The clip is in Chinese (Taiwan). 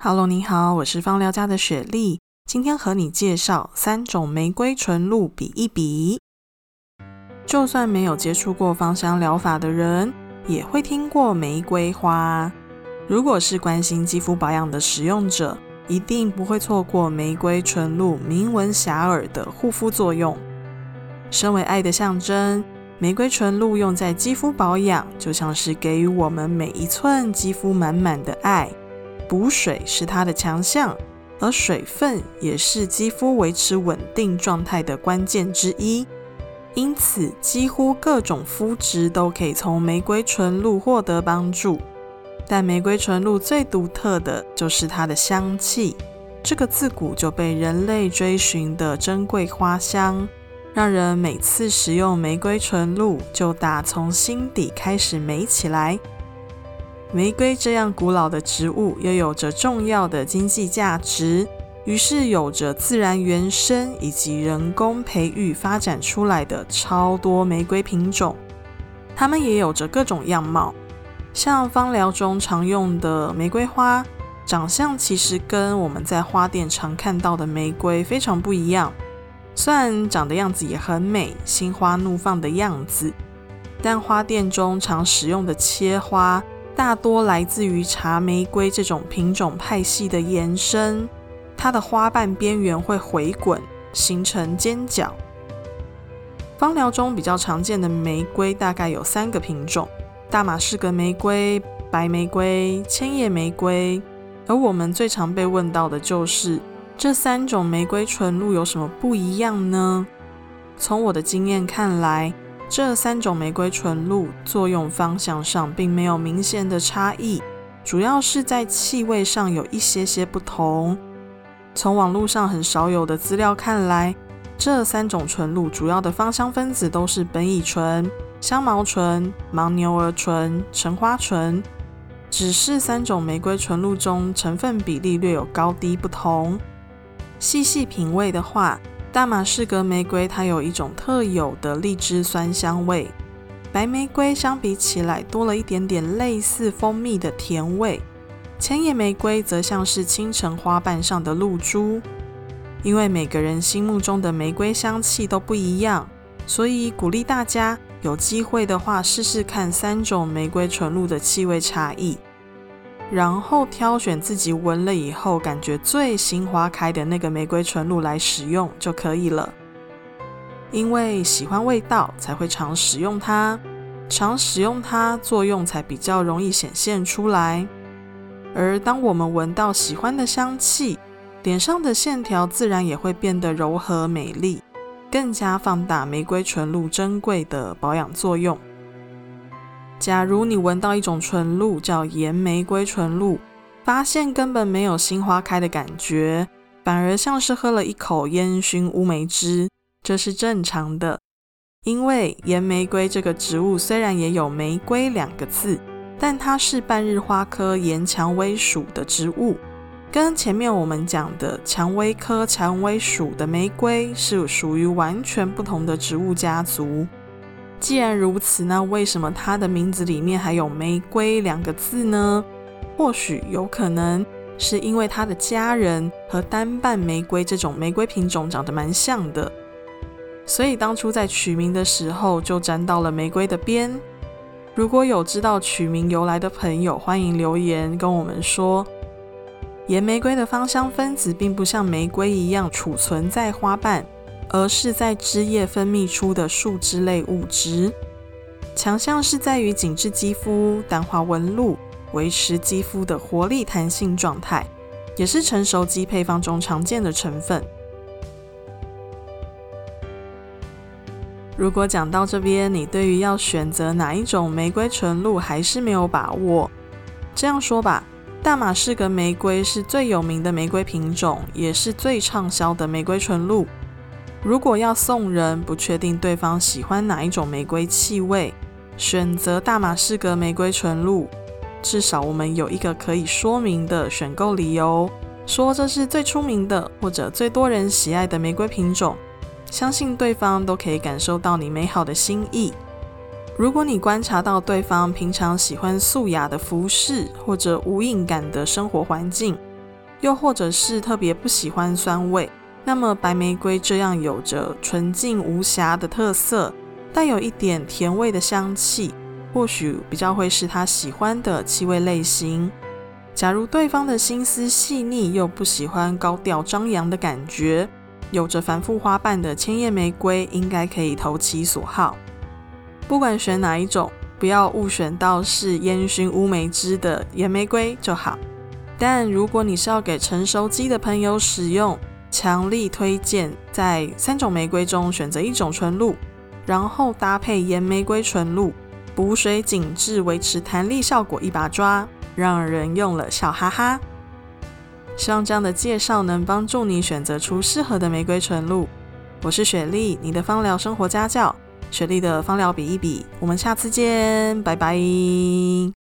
哈嘍，Hello, 你好，我是芳療家的雪莉。今天和你介紹三種玫瑰純露，比一比。就算沒有接觸過芳香療法的人，也會聽過玫瑰花。如果是關心肌膚保養的使用者，一定不會錯過玫瑰純露名聞遐邇的護膚作用。身為愛的象徵，玫瑰純露用在肌膚保養，就像是給予我們每一寸肌膚滿滿的愛。補水是它的強項，而水分也是肌膚維持穩定狀態的關鍵之一。因此，幾乎各種膚質都可以從玫瑰純露獲得幫助。但玫瑰純露最獨特的就是它的香氣，這個自古就被人類追尋的珍貴花香，讓人每次使用玫瑰純露就打從心底開始美起來。玫瑰這樣古老的植物，又有着重要的經濟價值，於是有着自然原生以及人工培育發展出來的超多玫瑰品種。它們也有着各種樣貌，像芳療中常用的玫瑰花，長相其實跟我們在花店常看到的玫瑰非常不一樣。雖然長的樣子也很美，心花怒放的樣子，但花店中常使用的切花，大多來自於茶玫瑰這種品種派系的延伸，它的花瓣邊緣會回滾，形成尖角。芳療中比較常見的玫瑰大概有三個品種：大馬士革玫瑰、白玫瑰、千葉玫瑰。而我們最常被問到的就是這三種玫瑰純露有什麼不一樣呢？從我的經驗看來。這三種玫瑰純露作用方向上並沒有明顯的差異，主要是在氣味上有一些些不同。從網絡上很少有的資料看來，這三種純露主要的芳香分子都是苯乙醇、香茅醇、牻牛兒醇、橙花醇，只是三種玫瑰純露中成分比例略有高低不同。細細品味的話。大馬士革玫瑰它有一種特有的荔枝酸香味，白玫瑰相比起來多了一點點類似蜂蜜的甜味，千葉玫瑰則像是清晨花瓣上的露珠。因為每個人心目中的玫瑰香氣都不一樣，所以鼓勵大家有機會的話試試看三種玫瑰純露的氣味差異。然後挑選自己聞了以後感覺最心花開的那個玫瑰純露來使用就可以了。因為喜歡味道才會常使用它，常使用它作用才比較容易顯現出來。而當我們聞到喜歡的香氣，臉上的線條自然也會變得柔和美麗，更加放大玫瑰純露珍貴的保養作用。假如你聞到一種純露，叫岩玫瑰純露，發現根本沒有心花開的感覺，反而像是喝了一口煙燻烏梅汁，這是正常的。因為岩玫瑰這個植物雖然也有“玫瑰”兩個字，但它是半日花科岩薔薇屬的植物，跟前面我們講的薔薇科薔薇屬的玫瑰是屬於完全不同的植物家族。既然如此，那為什麼它的名字裡面還有“玫瑰”兩個字呢？或許有可能是因為它的家人和單瓣玫瑰這種玫瑰品種長得蠻像的，所以當初在取名的時候就沾到了玫瑰的邊。如果有知道取名由來的朋友，歡迎留言跟我們說。岩玫瑰的芳香分子並不像玫瑰一樣儲存在花瓣。而是在枝葉分泌出的樹脂類物質，強項是在於緊緻肌膚、淡化紋路、維持肌膚的活力彈性狀態，也是成熟肌配方中常見的成分。如果講到這邊，你對於要選擇哪一種玫瑰純露還是沒有把握，這樣說吧，大馬士革玫瑰是最有名的玫瑰品種，也是最暢銷的玫瑰純露。如果要送人，不確定對方喜歡哪一種玫瑰氣味，選擇大馬士革玫瑰純露，至少我們有一個可以說明的選購理由，說這是最出名的或者最多人喜愛的玫瑰品種，相信對方都可以感受到你美好的心意。如果你觀察到對方平常喜歡素雅的服飾，或者無印感的生活環境，又或者是特別不喜歡酸味，那麼，白玫瑰這樣有着純淨無瑕的特色，帶有一點甜味的香氣，或許比較會是他喜歡的氣味類型。假如對方的心思細膩，又不喜歡高調張揚的感覺，有着繁複花瓣的千葉玫瑰應該可以投其所好。不管選哪一種，不要誤選到是煙熏烏梅汁的岩玫瑰就好。但如果你是要給成熟肌的朋友使用，強力推薦，在三種玫瑰中選擇一種純露，然後搭配岩玫瑰純露，補水緊緻，維持彈力效果一把抓，讓人用了笑哈哈。希望這樣的介紹能幫助你選擇出適合的玫瑰純露。我是雪莉，你的芳療生活家教，雪莉的芳療比一比。我們下次見，拜拜。